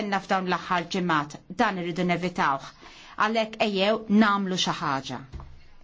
kellna f'dawn l-aħħar ġimgħat. Dan irridu nevitawh. Għalhekk ejjew namlu xi ħaġa.